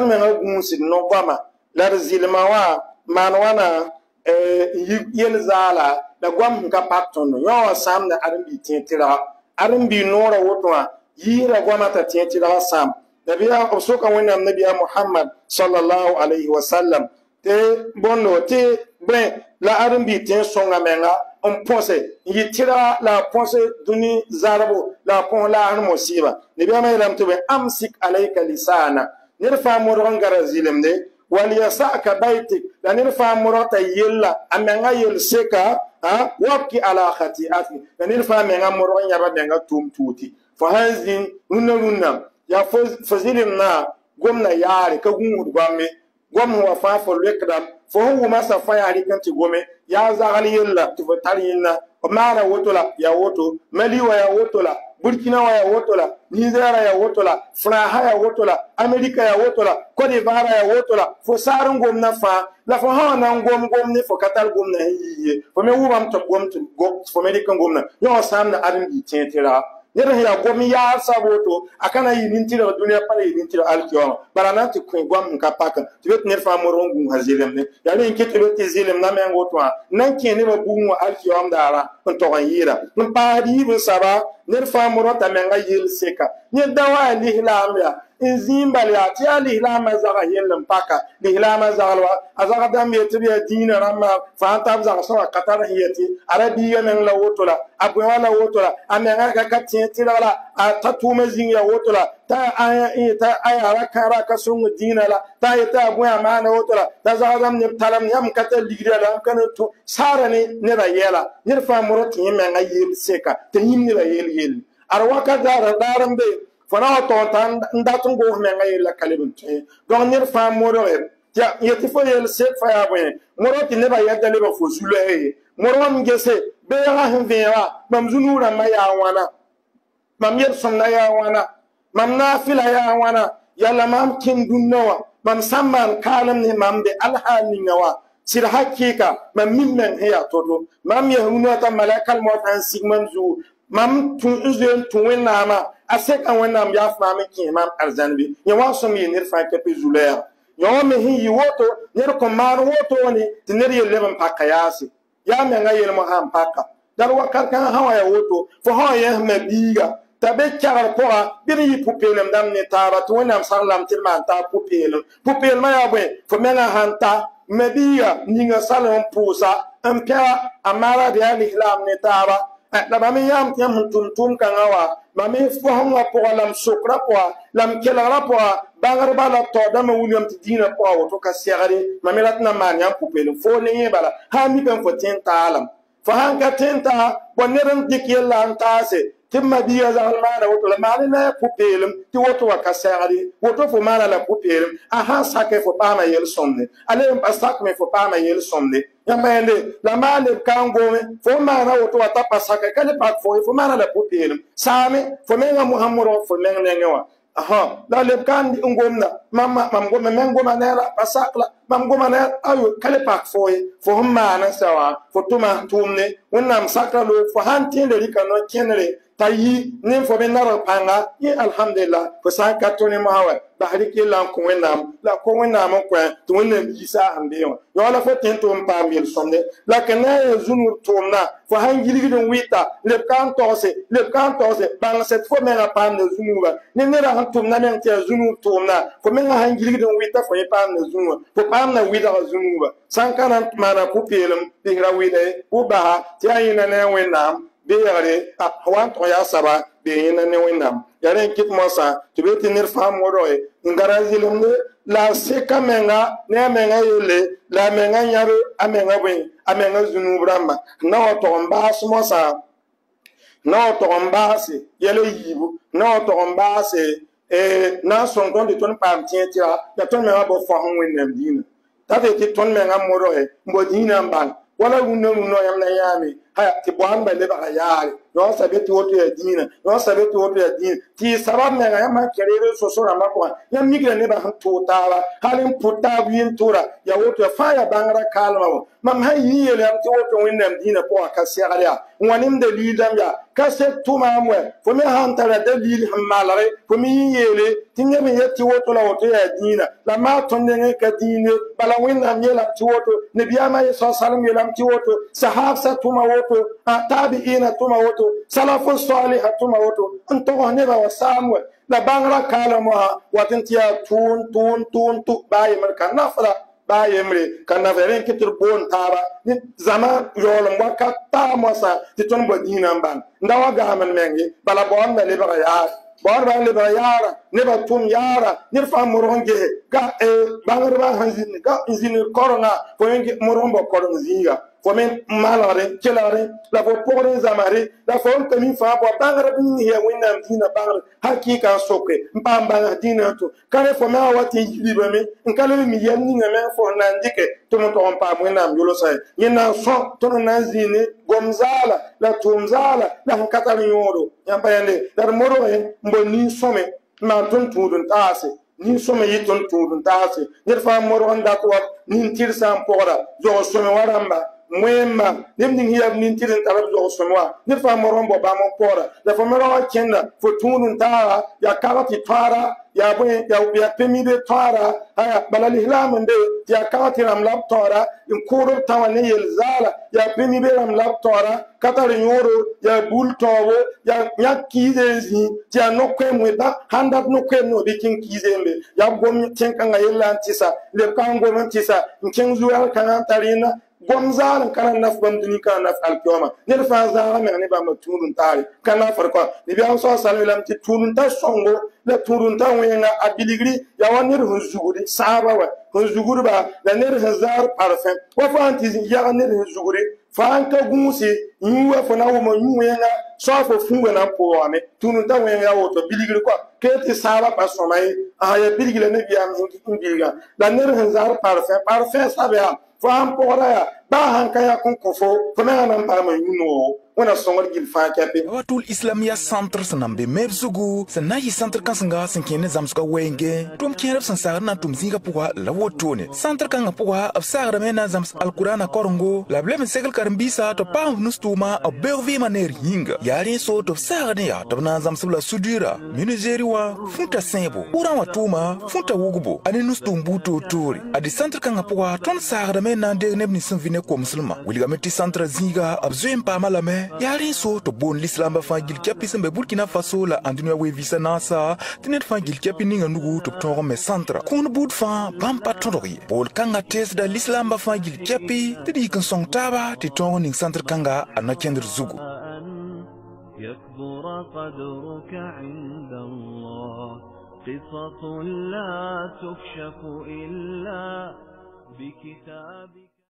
tɩ mengã gũusd nogoama la d zilma wã maan wãna n eh, yel zaala la goam sẽn ka pat tõndo yõ wã sãamda ãdn-bii tẽ tɩrga ãdn-bii noora woto wã yiisra goamã t'a tẽ tɩrgã sãam nabiya b sʋka wẽnnaam nabiya mohamad salallahu alaihi wasallam tɩ bõndo tɩ bẽ la ãdn-bii tẽ sõnga menga n põse n yɩ tɩra la a põse dũni zarbo la a põs laasr mosɩɩba nabiyaamã yeelame tɩ bẽ amsik alayka lisaana nirfa murgon gara zilem de yasa ka baitik da nirfa murata murota yella amenga yel seka ha wakki ala ati da nirfa menga murgon yaba denga tum tuti fa hazin nunna nunna ya fazilim na gomna yare ka gungu gwamme gom wa fa fo lekdam fo hu ma sa fa yari kanti gome ya zagal yella tu fa tar yinna mara wotola ya woto mali wa ya wotola burkinawa ya woto la ya woto la ya woto la amerika ya woto la kodivara ya woto la fo saarin gom na fãa la fo sã na ngom gom gom ne fo ka tar gom na yiye fo me wʋbam tɩ gom tɩ fo me dɩk gomna yõ sãam na ad n yi tẽe tɩ ne bɛ hɛrɛ gomi yaa sabu to a kana yi nin tiri duniya pala yi nin tiri alikiyama bara nan ti kun gwa mun ka pakan ti bɛ tɛnɛ fa mɔrɔ gun ha zilim ne yali in kiti bɛ ti zilim na mɛn ko tuma nan kɛ ne bɛ bugun wa alikiyama dara n tɔgɔ yira n paari yi bɛ saba ne fa mɔrɔ ta mɛn ka yeli se kan n ye dawa lihila an bɛ yan n zĩim bal yaa tɩ yaa lislaamã zaga yell n paka lislaamã zagl wa a zag dãmb ye tɩ b yaa diinã rãmbã fãa n tab zagsẽ wã ka tar sẽn yetɩ a ra biigã meng la woto la a bõe wã la woto la a mengã ka ka tẽ tɩrg ta tʋʋmã zĩng yaa woto la t'a a yaara kãara ka sõng diinã la t'a yetɩ a bõe a maana woto la t'a zag dãmb neb talam yãmb ka tar la yãmb ka ne tõ saara ne nebã yɛɛla ned fãa morã tɩ seka tɩ yĩm nebã yeel yelle ar wakat daarã daarẽ be fo na wa tõog tã n dat n goos mɛngã yeella ka leb n tõe dõnc ned fãa modge ya tɩ fo yeel sek fa yaa bõe modg tɩ nebã yɛda lebã fo zu-loɛɛ ye modg m gese beegã sẽn vẽega mam zu-nuur rãmbã yaa wãna mam yeb-sõmda yaa wãna mam naafɩla yaa wãna yalla mam kẽn dũnnã wã mam sã n maan kaalem ne mam de alhaal ninga wã sɩd hakɩɩka mam mim meng sẽn yaa to-to mam yesg nu t'a malakal mot sãn sig mam zugu mam tun uzo tun wen nama ase kan wen nam ya fa me ki mam arzan bi ye wa so mi ne fa ke pe julea yo me hi yi woto ne ko mar woto ne ti ne ye leban pa ka ya se ya me nga ye mo han pa ka dar wa kar kan ha wa ya woto fo ha ye me biga ta be char ko a bi ri pu pe ne dam ne ta ba tun nam sar lam til man ta pu pe ne pu pe ma ya be fo me na han ta me biga ni nga sa le on pu sa en pe a mara de ani lam ne ta ba Eh, la mam yam tɩ yãmb sẽn tʋm tʋʋm kãngã wa mam fosẽngã pʋgã la m sokrã pʋga la m kelgrã pʋga bãngdbã la taoodãmbã wilgame tɩ dĩinã pʋga woto ka segre mame la tɩ na n maan yãmb pʋpelum foo ne yẽ bala haa mikame fo tẽn taalem fo sãn ka tẽn taa bõn ned n dɩk yella n taase tɩ ma biya zagl maana woto la maale la ya pʋ-peelem tɩ woto wa ka sɛgde woto fo maana la pʋ-peelem a sãn sake fo paama yel-sõmde a leb pa sakme fo paama yel-sõmde yãmba yẽnde la maan leb ka n goome fo n maana woto wa ta pa sake ka le pak fo fo maana la pʋ-peelem saame fo menga for rog fo meng nengẽ wa aha la leb ka n gomda mam goma meng goma neera pa sak la mam goma neer ayo ka le pak fo ye fo sẽn maana sɛ wã fo tʋma tʋʋmde wẽnnaam sakra loog fo sãn tẽende rɩka kẽnere tayi nin fo be nara panga ye alhamdulillah fo bahri ke lan ko wenam la ko wenam ko to wenam yisa ambe yo wala fo mpa la kana e zunur tomna fo hangili wita le kan tose le kan tose set fo mena pam ne zunuba ni ne ra hantum na ne te zunur fo mena hangili gidon wita fo e pa ne fo pa wita san mana ku ku ba ti ne bɩ yagre a wa n tʋg yaa saba bɩ y yẽna ne wẽnnaam yaa rẽ n kɩt mosã tɩ bee tɩ ned fãa modge n gara zɩlemde la a seka menga ne a menga yelle la a menga yãbe a menga bõe a menga zũnuub rãmba na wa tog n baas mosã na wa tog n baase yɛla yiibu na wa tog n baase e, na n sõng tõnd tɩ tõnd paam tẽe tɩra yaa tõnd menga bo fõs n wẽnnaam dĩinã t'a tɩ tɩ tõnd menga modge n bo dĩinã n bãng wala rũndã rũndã yãmb na yãame haya tɩ bɔanba leb a yaare yõ sã be tɩ woto yaa dĩinã yõ sã be woto yaa dĩinã tɩ saba mɛga yãmb sãn kɛre so-so rãmbã pʋgã yãmb migra nebã sẽn tʋʋg taaba hal n pʋ taab yĩn tʋʋra woto ya fãa yaa bãngrã kaalmã wã mam sãn yĩ yel yãmb tɩ woto wẽnnaam dĩinã pʋgã ka segd yaa n wa nim dalil dãmb yaa ka sed tʋmaam wɛ fo me sãn tara dalil sẽn malge fo me yĩ yeele tɩ yẽ me yet tɩ woto la woto yaa dĩinã la maa tõnd nengẽ ka dĩine bala wẽnnaam yeelame tɩ woto nebiyaamã ye sa salm yeelame tɩ woto sahaabsã tʋma woto woto tabi'ina tuma woto salafu saliha tuma woto n tɔgɔ neba wa saamwe la baŋra kaalamo ha watin tiya tuun tuun tuun tu baa yemre ka nafra baa yemre ka nafra ren kitir boon taaba ni zama yɔɔlum wa ka taamo sa ti tõnd bɔ diinã ban n da wa gaamn mengi bala bɔɔn na lebga yaar bɔɔr ba lebra yaara neba tum yaara ned fãa morg n gese ga bãngdbã sẽn zĩnd ga n zĩnd korengã fo yen morg n bɔ koreng zĩiga komin malare kelare la fo pogren zamare la fo on tamin fa bo bangare bin ye wina dina bangare hakika soke mpam bangare dina to kare fo ma wati libe me nkale mi yanni ngame fo nandike to mo to on pa mo nam yolo sai yina so to no nanzini gomzala la tumzala la hakata yoro yamba yande dar moro e mboni some ma ton tudun taase nin sõme yɩ tõnd tũudum taase ned fãa morg n dat wa nin tɩr sã n pʋgra zog sõme wa rãmba mwema neb ning yaa nin tɩd n tara b ni fa wa ned fãa morõn bɔ bãmb n pɔɔra wa kẽnda fo tũud n taara yaa kagg tɩ toara yaa bõe yaa pemide toara aya bala lislaam n ya kawati yaa kagg tɩ rãmb la b tõora yel zaala yaa pemide rãmb la b tõora ka tar yõoro yaa bul tõobo yaa yãk kiize n zĩ tɩ yaa no-koɛɛm wẽnda sãn dat no-koɛɛm ne bɩ kẽng kiize n be yaa b gom tẽn kom zaarin kana naf bam duni kana naf alkiyoma ned fãa zaaga ne bãmba tũudum taare ka nafr kɔa nebiyaam sa salam yeelame tɩ tũudum ta sõngo la tũudum ta wẽnga a biligri yaa wa ned sẽn zugri saaba wa sẽn zugrba la ned sẽn zaar parfẽ wa fãa n tɩ yag ned sẽn zugre fãa n ka gũuse wa fo na wʋma yũ wẽnga sɔfo fuu wena pʋʋgame tũnu da wẽng yaa woto bilgr kɔa kee tɩ sãaba pa sõma ye ãa ya bilg la nebiyaam n bilga la ned sẽn zagr parfẽ parfẽ sab yaa fo sãn pʋgra yaa baa sãn ka yãk n kõ fo fo nagã na wẽna sõngr gill fãa kɛpe wa tʋʋl islamiya sãntr sẽn na n be meb zugu sẽn na n yɩ sãntr kãsenga sẽn kẽer ne zãmsgã wɛɛngẽ tʋm kẽerb sẽn sagr na n tʋm zĩigã pʋga la wotone sãntr kãngã pʋga b sagrame na n zãms alkurana korengo la b leb n segl karen-biisã tɩ b paam b nus tʋʋma b beog vɩɩmã neer yĩnga yaa rẽ so tɩ b sagr ne yaa tɩ b na n zãmsb la sudurã minigeri wã fũta sẽebo pʋgrã wã tʋʋma fũta wugbo a ne nus tʋʋm buud toore a dɩ centr kãngã pʋga tõnd sagrame na n deeg neb nins sẽn vɩ ne komslmã wilgame tɩ sãntrã zĩiga b zoeen paamã lame Eh? yaa rẽ ali so b boond lisilamba fãa gil kɛpi sẽn be burkina faso la ãn dũniyã weevisa naasa tɩ ned fãa gil kɛpi ninga nugu tɩ b tõog n me sãntra kũund buud fãa bãmb pa tõdg ye bool-kãngã teesda lislaambã fãa gil kɛpɩ tɩ d yik n sõng taaba tɩ tõog n ning sãntr-kãnga a no-kẽndr zugu قصص لا تكشف إلا بكتابك